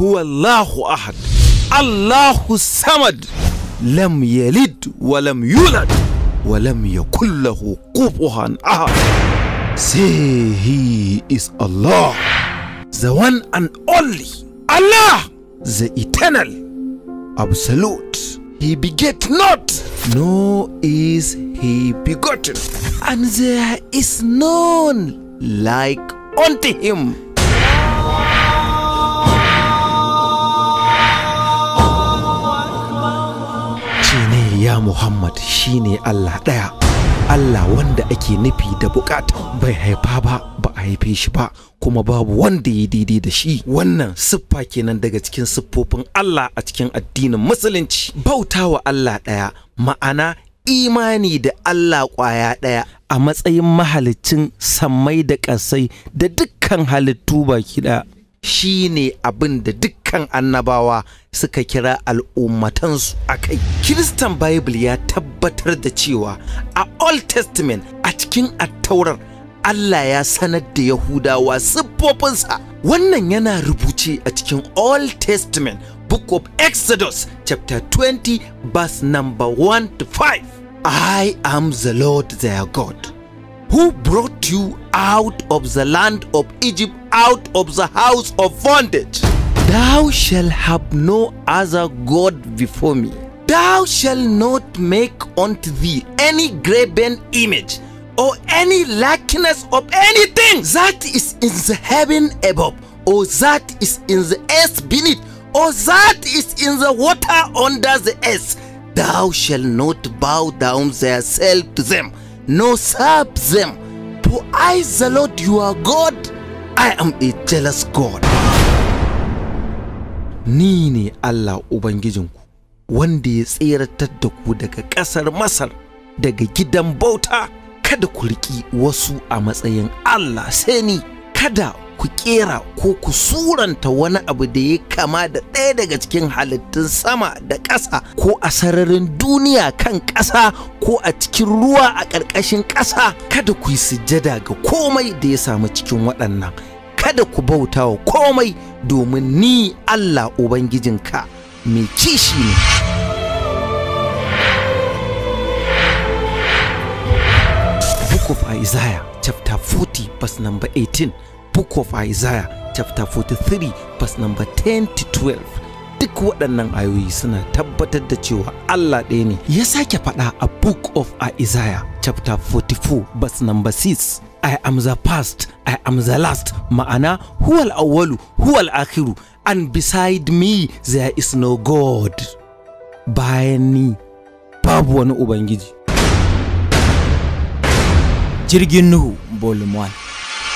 هو الله أحد الله الصمد لم يلد ولم يولد ولم يكن له كفوا أحد Say he is Allah the one and only Allah the eternal absolute. He beget not, nor is he begotten, and there is none like unto him. ya Muhammad shine Allah ɗaya, Allah wanda ake nufi da bukata bai haifa ba. haife shi ba kuma babu wanda ya daidai da shi wannan siffa kenan daga cikin siffofin Allah a cikin addinin musulunci bautawa Allah ɗaya ma'ana imani da Allah ƙwaya ɗaya a matsayin mahalicin sammai da ƙasai da dukkan halittu ba ɗaya shi ne abin da dukkan annabawa suka kira al'ummatansu a kai. Kiristan Bible ya tabbatar da cewa a Old Testament a cikin attaurar Allah ya sanar da Yahudawa siffofinsa. Wannan yana rubuce a cikin Old Testament Book of Exodus chapter 20 verse number 1 to 5. I am the Lord their God, who brought you out of the land of Egypt, out of the house of bondage. Thou shalt have no other God before me. Thou shalt not make unto thee any graven image or any like likeness of anything that is in the heaven above, or that is in the earth beneath, or that is in the water under the earth. Thou shalt not bow down thyself to them, nor serve them. For I, the Lord your God, I am a jealous God. Ni ne Allah Ubangijinku, wanda ya tseratar da ku daga ƙasar Masar, daga gidan bauta. kada ku riƙi wasu a matsayin Allah sai ni kada ku ƙera ko ku suranta wani abu da ya kama da ɗaya daga cikin halittun sama da ƙasa ko a sararin duniya kan ƙasa ko a cikin ruwa a ƙarƙashin ƙasa kada ku yi sujjada ga komai da ya samu cikin waɗannan kada ku bauta wa komai domin ni Allah Ubangijinka mai kishi ne. book of Isaiah chapter 40 verse number 18 book of Isaiah chapter 43 verse number 10 to 12 duk waɗannan ayoyi suna tabbatar da cewa Allah ɗaya ne ya sake faɗa a book of Isaiah chapter 44 verse number 6 I am the past, I am the last, ma'ana huwal awwalu, huwal akhiru, and beside me there is no God. Bayan ni babu wani Ubangiji. Jirgin Nuhu Volume 1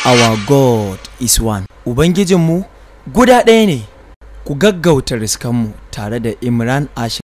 Our God is one Ubangijinmu guda ɗaya ne, ku gaggauta riskanmu tare da Imran Ashir.